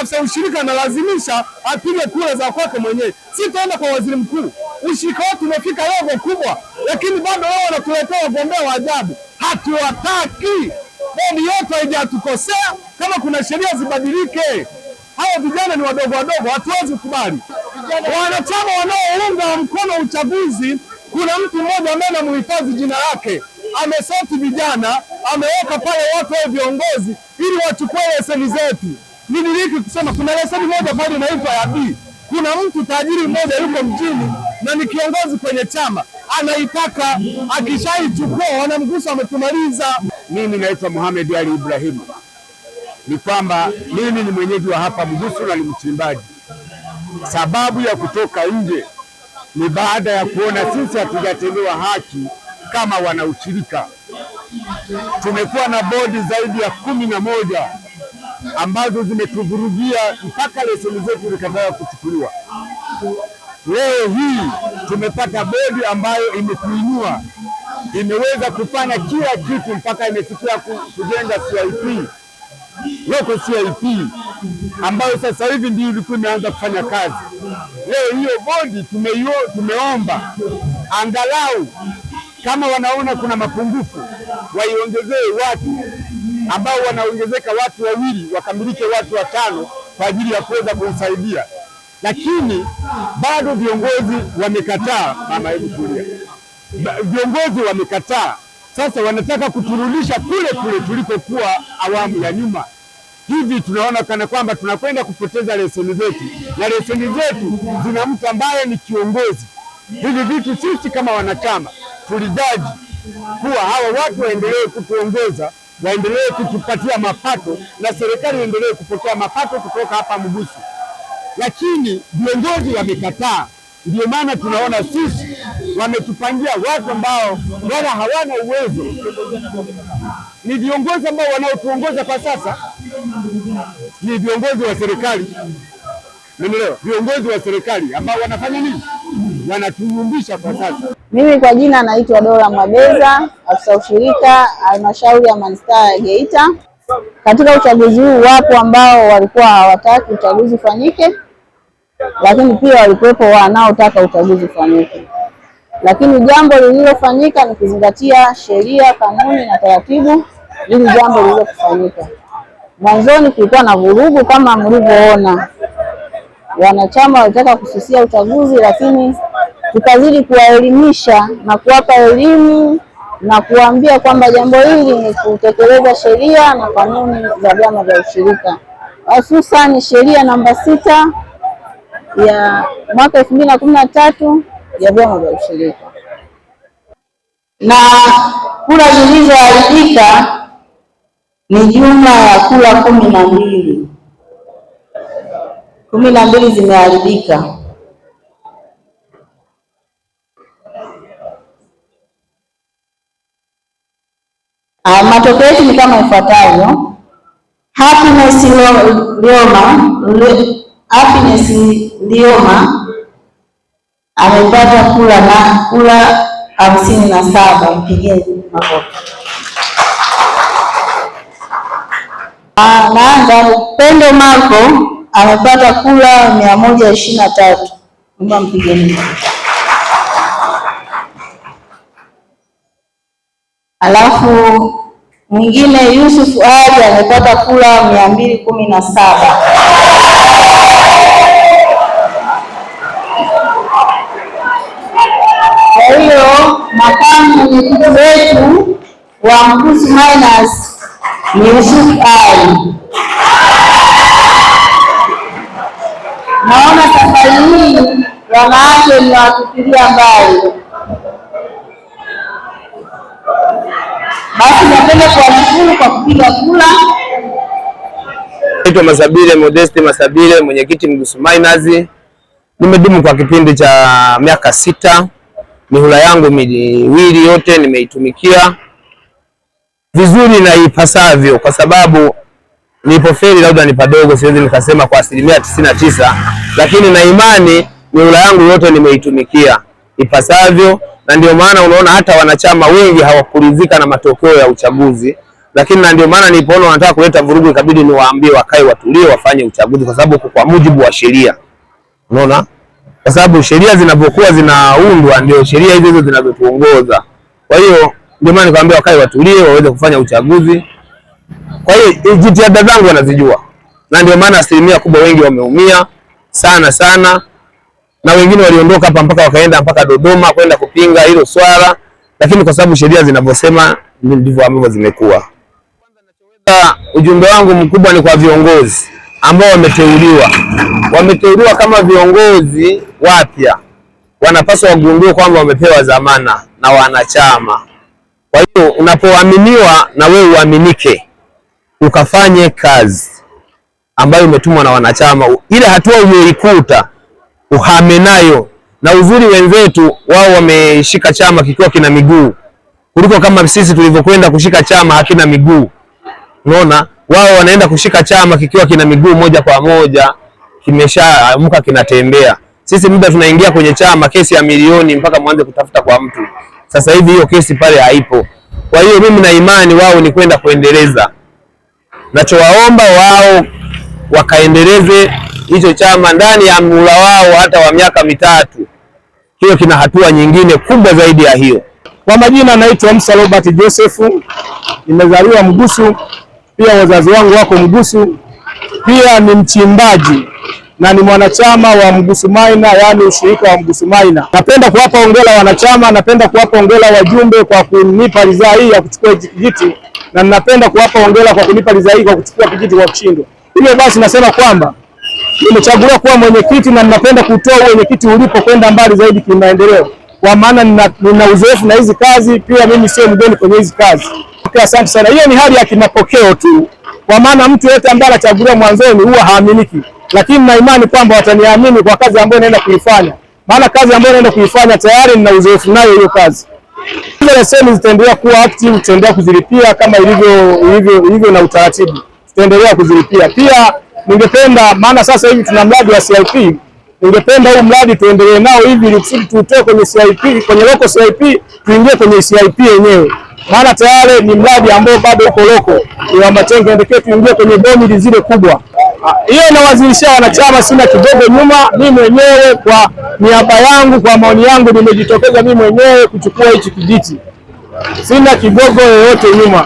afisa ushirika analazimisha apige kura za kwake mwenyewe. Sitaenda kwa waziri mkuu. Ushirika wetu umefika levo kubwa, lakini bado wao wanatuletea wagombea wa ajabu. Hatuwataki. Bodi yote haijatukosea. Kama kuna sheria zibadilike. Hawa vijana ni wadogo wadogo, hatuwezi kubali. Wanachama wanaounga mkono uchaguzi, kuna mtu mmoja ambaye namuhifadhi jina lake, amesoti vijana, ameweka pale watu wao viongozi ili wachukue leseni zetu. Niliriki kusema kuna leseni moja bado naipa ya B. Kuna mtu tajiri mmoja yuko mjini na ni kiongozi kwenye chama anaitaka, akishaichukua wanamgusa, wametumaliza. Mimi naitwa muhamedi Ali Ibrahimu, ni kwamba mimi ni mwenyeji wa hapa Mgusu na ni mchimbaji. Sababu ya kutoka nje ni baada ya kuona sisi hatujatendewa haki kama wanaushirika. Tumekuwa na bodi zaidi ya kumi na moja ambazo zimetuvurugia mpaka leseni zetu zikataka kuchukuliwa. Leo hii tumepata bodi ambayo imetuinua, imeweza kufanya kila kitu mpaka imefikia kujenga CIP yoko CIP ambayo sasa hivi ndio ilikuwa imeanza kufanya kazi. Leo hiyo bodi tumeyo, tumeomba angalau kama wanaona kuna mapungufu waiongezee watu ambao wanaongezeka watu wawili wakamilike watu watano kwa ajili ya kuweza kumsaidia, lakini bado viongozi wamekataa. Mama, hebu tulia. Viongozi wamekataa, sasa wanataka kuturudisha kule kule tulikokuwa awamu ya nyuma. Hivi tunaona kana kwamba tunakwenda kupoteza leseni zetu, na leseni zetu zina mtu ambaye ni kiongozi. Hivi vitu sisi kama wanachama tulijaji kuwa hawa watu waendelee kutuongoza waendelee kutupatia mapato na serikali iendelee kupokea mapato kutoka hapa Mgusu, lakini viongozi wamekataa. Ndio maana tunaona sisi wametupangia watu ambao wala hawana uwezo. Ni viongozi ambao wanaotuongoza kwa sasa ni viongozi wa serikali, menelewa Viongozi wa serikali ambao wanafanya nini? Wanatunyumbisha kwa sasa. Mimi kwa jina naitwa Dora Mabeza, afisa ushirika halmashauri ya manispaa ya Geita. Katika uchaguzi huu wapo ambao walikuwa hawataki uchaguzi ufanyike, lakini pia walikuwepo wanaotaka uchaguzi ufanyike, lakini jambo lililofanyika ni kuzingatia sheria, kanuni na taratibu. Hili jambo kufanyika. mwanzoni, kulikuwa na vurugu kama mlivyoona, wanachama walitaka kususia uchaguzi, lakini tukazidi kuwaelimisha na kuwapa elimu na kuwaambia kwamba jambo hili ni kutekeleza sheria na kanuni za vyama vya ushirika, hususani sheria namba sita ya mwaka elfu mbili na kumi na tatu ya vyama vya ushirika. Na kura zilizoharibika ni jumla ya kura kumi na mbili, kumi na mbili zimeharibika. Uh, matokeo yetu ni kama ifuatavyo. Happiness Lioma, Happiness Lioma amepata kula na kula hamsini na saba. Mpigeni makofi. Ah, naanza. Upendo Marco amepata kula mia moja ishirini na tatu. Mba, Alafu mwingine Yusuf Ali amepata kura mia mbili kumi na saba. Kwa hiyo makamu mwenyekiti wetu wa Mkuzi Miners ni Yusuf Ali. Naona safari hii wanawake mnawatupilia mbali. Basi napenda kuwashukuru kwa kupiga kura. Naitwa Masabile Modesti Masabile, mwenyekiti Mgusu Miners. Nimedumu kwa kipindi cha miaka sita, mihula yangu miwili yote nimeitumikia vizuri na ipasavyo, kwa sababu nilipofeli labda ni padogo, siwezi nikasema kwa asilimia tisini na tisa, lakini na imani mihula yangu yote nimeitumikia ipasavyo, na ndio maana unaona hata wanachama wengi hawakuridhika na matokeo ya uchaguzi. Lakini na ndio maana nilipoona wanataka kuleta vurugu, ikabidi niwaambie wakae, watulie, wafanye uchaguzi, kwa sababu kwa mujibu wa sheria. Unaona, kwa sababu sheria zinapokuwa zinaundwa ndio sheria hizo hizo zinazotuongoza. Kwa hiyo ndio maana nikamwambia wakae, watulie, waweze kufanya uchaguzi. Kwa hiyo jitihada zangu wanazijua, na ndio maana asilimia kubwa wengi wameumia sana sana na wengine waliondoka hapa mpaka wakaenda mpaka Dodoma kwenda kupinga hilo swala, lakini kwa sababu sheria zinavyosema ndivyo ambavyo zimekuwa. Ujumbe wangu mkubwa ni kwa viongozi ambao wameteuliwa, wameteuliwa kama viongozi wapya, wanapaswa wagundue kwamba wamepewa dhamana na wanachama. Kwa hiyo unapoaminiwa, na wewe uaminike, ukafanye kazi ambayo umetumwa na wanachama. Ile hatua umeikuta uhame nayo, na uzuri wenzetu wao wameshika chama kikiwa kina miguu kuliko kama sisi tulivyokwenda kushika chama hakina miguu. Unaona, wao wanaenda kushika chama kikiwa kina miguu moja kwa moja, kimeshaamuka kinatembea. Sisi muda tunaingia kwenye chama, kesi ya milioni mpaka mwanze kutafuta kwa mtu. Sasa hivi hiyo kesi pale haipo. Kwa hiyo mimi na imani wao ni kwenda kuendeleza, nachowaomba wao wakaendeleze hicho chama ndani ya mula wao hata wa miaka mitatu, hiyo kina hatua nyingine kubwa zaidi ya hiyo. Kwa majina naitwa Musa Robert Joseph, nimezaliwa Mgusu, pia wazazi wangu wako Mgusu, pia ni mchimbaji na ni mwanachama wa Mgusu Maina, yaani ushirika wa Mgusu Maina. Napenda kuwapa hongera wanachama, napenda kuwapa hongera wajumbe kwa kunipa ridhaa hii ya kuchukua kijiti, na ninapenda kuwapa hongera kwa kunipa ridhaa hii kwa kuchukua kijiti kwa kushindwa. Hivyo basi nasema kwamba nimechaguliwa kuwa mwenyekiti na ninapenda kutoa mwenyekiti ulipo kwenda mbali zaidi kimaendeleo, kwa maana nina, nina uzoefu na hizi kazi pia, mimi sio mgeni kwenye hizi kazi. Okay, asante sana. Hiyo ni hali ya kimapokeo tu, kwa maana mtu yote ambaye anachaguliwa mwanzoni huwa haaminiki, lakini na imani kwamba wataniamini kwa kazi ambayo naenda kuifanya, maana kazi ambayo naenda kuifanya tayari nina uzoefu nayo hiyo kazi. Leseni zitaendelea kuwa active, tutaendelea kuzilipia kama ilivyo ilivyo na utaratibu, tutaendelea kuzilipia pia ningependa maana sasa hivi tuna mradi wa CIP, ningependa huu mradi tuendelee nao hivi ili kusudi tuutoe kwenye CIP, kwenye loko CIP tuingie kwenye CIP yenyewe, maana tayari ni mradi ambao bado uko loko wa Matenge, endekee tuingie kwenye bomili zile kubwa. Ah, hiyo inawazilishia wanachama, sina kidogo nyuma. Mimi mwenyewe kwa niaba yangu, kwa maoni yangu, nimejitokeza mimi mwenyewe kuchukua hichi kijiti, sina kidogo yoyote nyuma.